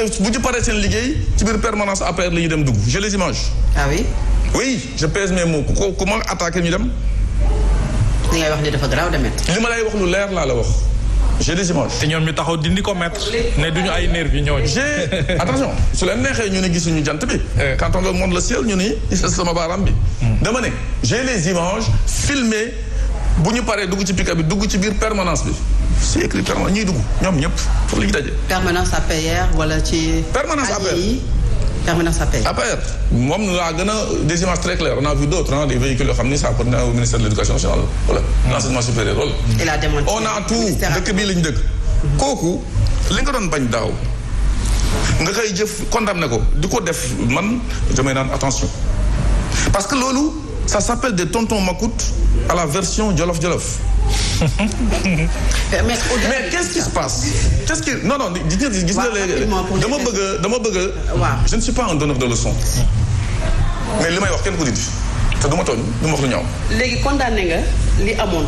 bu ñu paree seen liggéey ci biir permanence APR la ñu dem dugg j'ai les images. ah oui. oui je pèse mes mots ku ko ma attaqué ñu dem. li ngay ma lay wax lu leer laa la wax. j'ai des images. te ñoom ñu taxaw dindi ko mettre ne ñu ay nervi ñooñu. j'ai attention su leen neexee ñu gis gisuñu jant bi. Eh. quand on leur montre le ciel ñu ni sama baaraam bi. Hmm. dama ne j'ai les images filmées. bu ñu paree dugg ci pick-up bi dugg ci biir permanence bi c'est écrit permanence ñuy dugg ñoom ñëpp pour ñu daje. permanence APR moom laa gën a des images très claires on a vu d'autres hein des véhicules xam ni ça appartient au ministère de l'éducation nationale wala mm. l'enseignement supérieur wala. il a démontré on a tout dëkk bii lañ dëkk. Mm. kooku li nga doon bañ daaw nga koy jëf condamné ko di ko def man damay naan attention parce que loolu. ça s'appelle des tontons macoutes à la version Jolof Jolof. mais qu'est-ce qui se passe qu'est-ce qui non non gis nga gis nga léegi dama bëgg a dama bëgg a je ne suis pas un donneur de leçons mais li may wax kenn ko dindi te du ma tooñ du ma wax lu ñaaw léegi condamné nga li amoon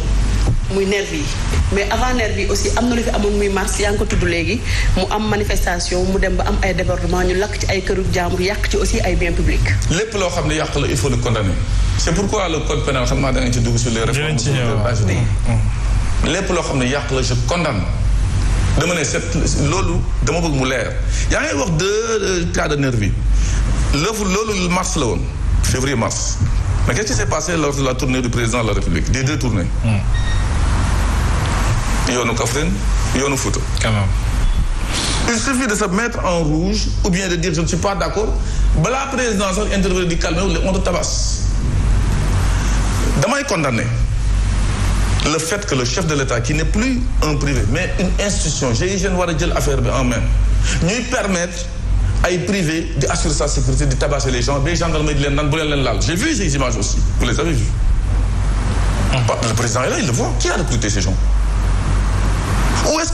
muy nervi yi mais avant nervi aussi am na lu fi amoon muy mars yaa ngi ko tudd léegi mu am manifestation mu dem ba am ay débordement ñu lakk ci ay këru jàmbur yàq ci aussi ay biens publics lépp loo xam ne yàq la il faut le condamner c'est pourquoi le code pénal xam naa da ci dugg sur les réformes lépp loo xam ne yàq la je condamne dama ne set loolu dama bëgg mu leer yaa ngay wax deux euh, cas de nervi loolu mars la woon février mars mais que ce qui s'est passé lors de la tournée du président de la République des deux tournées hmm. yoonu Kaffrine yoonu Fouta quand même il suffit de se mettre en rouge ou bien de dire je ne pas d'accord balaa président sax intervenir di calmer on te tabasse damay condamner le fait que le chef de l'État qui n'est plus un privé mais une institution GIGN war a jël affaire bi en main ñuy permettre ay privé di assurer sa sécurité di tabasser les gens des gendarmes di leen naan bu leen leen laal j'ai vu ces images aussi vous les avez vues. le président est là il voit qui a recruté ces gens.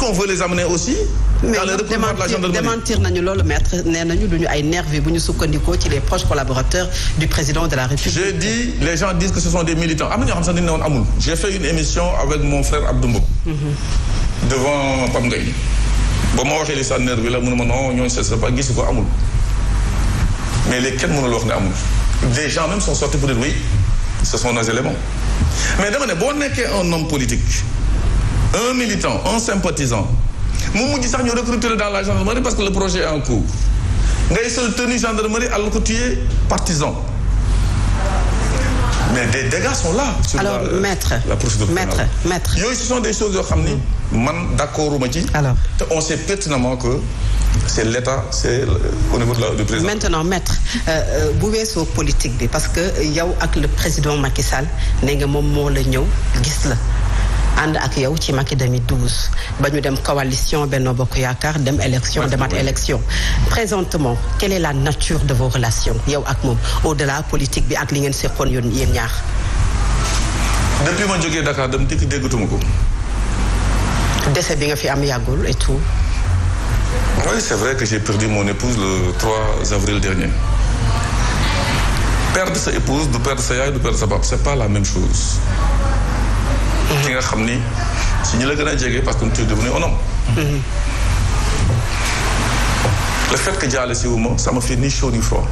qu'on veut les amener aussi dans le recrutement de la gendarmerie démentir nañu loolu maître nee nañu du ñu ay nervi bu ñu sukkandikoo ci les proches collaborateurs du président de la République. je les gens disent que ce sont des militants am na ñoo xam sax dañu j'ai fait une émission avec mon frère Abdou mm-hmm. devant Pam Ngay ba ma sa nervi la ma non ñooñu c'est pas gis ko amul mais léegi kenn mënul wax ne amul des gens même sont sortis pour dire ce sont nos éléments mais dama ne boo nekkee un homme un militant un sympathisant mu mujj sax ñu recruter dans la gendarmerie parce que le projet est en cours ngay sol tenue gendarmerie alors que tu partisan mais des dégâts sont là. sur alors, la maître, la procédure maître yooyu ce sont des choses yoo xam ni man d'accord ma ci. alors te on sait pertinemment que c'est l'État c'est au niveau de la du président. maintenant maître euh, euh, bu weesoo politique bi parce que yow ak le président Macky Sall nee nga moom moo la ñëw gis la. ànd ak yow ci Macky 2012 ba ñu dem coalition Benno Bokk Yaakaar dem élection demaat élection présentement quelle est la nature de vos relations yow ak moom au-delà politique bi ak li ngeen seqoon yoon yéen ñaar. depuis ma jógee Dakar dem dikk ko. décès bi nga fi am yàggul et tout. oui c'est vrai que j'ai perdu mon épouse le avril dernier. perdre sa épouse du perdre sa yaay du perdre sa papa c'est pas la même chose. ki nga xam ni si ñi la gën a jege parce que tu es devenu un homme. le fait que jaale si wu ma ça m'a fait ni chaud ni froid.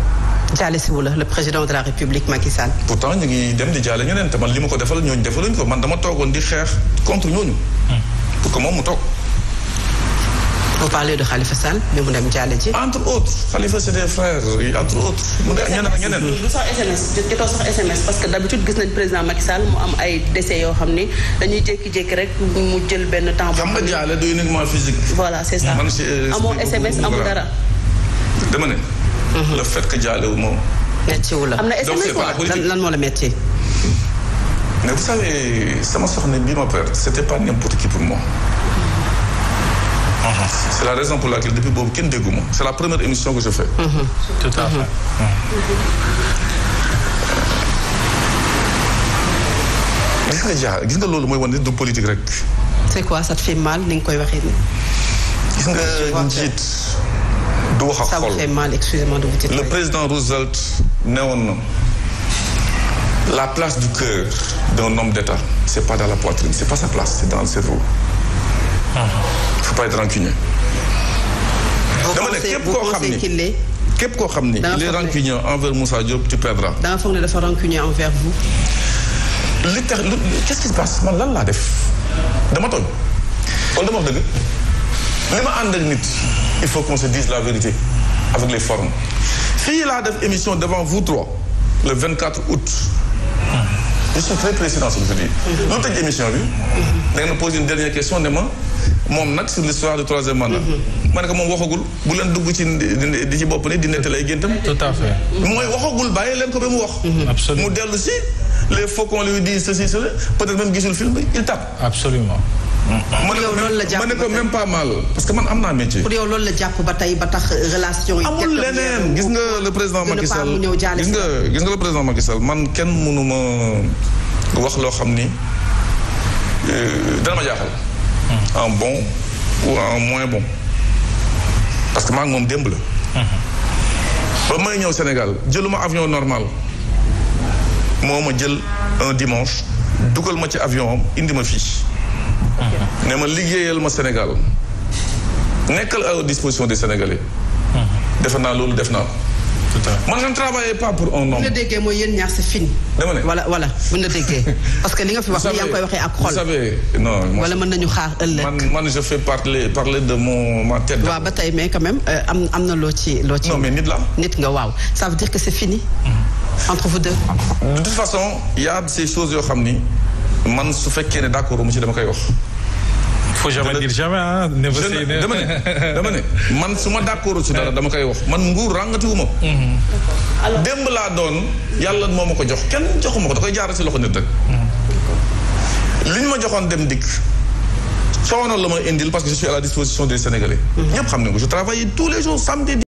jaale si wu la le président de la république Macky Sall. pourtant ñu ngi dem di jaale ñeneen te man li ma ko defal ñooñu defaluñ ko man dama toogoon di xeex contre ñooñu. Hmm. pour que moom mu toog. on parlait de Khalifa Sall mais mu dem jàll ji. entre autres Khalifa c'est des frères entre autres. mu ne ñeneen ak ñeneen. du sax SMS jotoo sax SMS parce que d'habitude gis nañ président Macky Sall mu am ay décès yoo xam ni dañuy jékki-jékki rek mu jël benn temps. xam nga jàll du uniquement physique. voilà c'est ça amoo SMS amul dara. dama mhm. moom. am na SMS wala lan moo la métti. mais vous savez sama soxna bi ma perte c'était pas n'importe qui pour moom Mhm. c'est la raison pour laquelle depuis boobu kenn déggu ma c'est la première émission que je fais. Mhm. tout à fait. Mhm. loolu mooy wane du politique rek. c'est quoi ça te fait mal ni nga koy waxee nii. Euh, wax ak xol ça vous fait mal excusez-moi de vous dire. le président Roosevelt newoon na. la place du cœur d'un homme d'État c'est pas dans la poitrine c'est pas sa place dans le cerveau. il faut pas dama ne képp koo xam ni képp koo xam ni. il est rancunier envers Moussa Diop tu perdras. daa foog ne dafa rancunier envers vous. li tax lu qu'est-ce qui se passe man lan laa def dama tooñ wala dama wax dëgg li ma ànd nit il faut qu'on se dise la vérité avec les formes fii laa def émission devant vous trois le 24 août. je suis très précis dans ce que je dis. loolu tëj émission bi. da ngeen une dernière question ne ma moom nag sur l'histoire du troisième mandat. ma ne ko moom waxagul bu leen dugg ci di ci bopp ni di nettali ay géntam. tout mooy waxagul bàyyi leen ko ba mu wax. Mhm. mu dellu si les faux qu'on lui dit ceci cela peut-être même gisul film il tape. pour yow loolu la jàpp ne ko même pas mal parce que man am naa métier. pour yow loolu la jàpp ba tey ba tax relation yi. amul leneen gis nga le président ma Sall gis nga gis nga le président Macky Sall man kenn mënu ma wax loo xam ni euh, dana ma jaaxal. Hmm. en bon ou en moins bon parce que maa ngi moom démb la. Hmm. ba may ñëw Sénégal jëluma avion normal moo ma jël un dimanche dugal ma ci avion am indi ma fii. ne ma liggéeyal ma Sénégal nekkal à la disposition des Sénégalais. defe naa loolu def naa ko. man je ne travaillais pas pour un homme. bu la déggee mooy yéen ñaar c'est fini. dama ne voilà voilà bu la déggee parce que li nga fi wax ni yaa koy waxee ak xol. vous mën nañu xaar ëllëg. man je fais parler de mon ma tête. ba tey mais quand euh, am na loo ci loo ci. non mais nit la nit nga waaw ça veut dire que c'est fini. Mm-hmm. entre vous deux. de toute façon y a ces choses yoo xam ni. man su fekkee ne d' accord mu ci dama koy wax. faut jamais dire jamais ah. dama ne dama ne man su ma d' accord su dama koy wax man nguur ràngatiwuma. Mhm. alors démb laa doon yàlla moo ma ko jox kenn joxuma ko da koy jaar si loxo nit rek. Mhm. li ñu ma joxoon dem dikk coono la ma indil parce que je suis à la disposition des Sénégalais. Mhm. ñëpp xam nañu ko je travaille tous les jours samedi.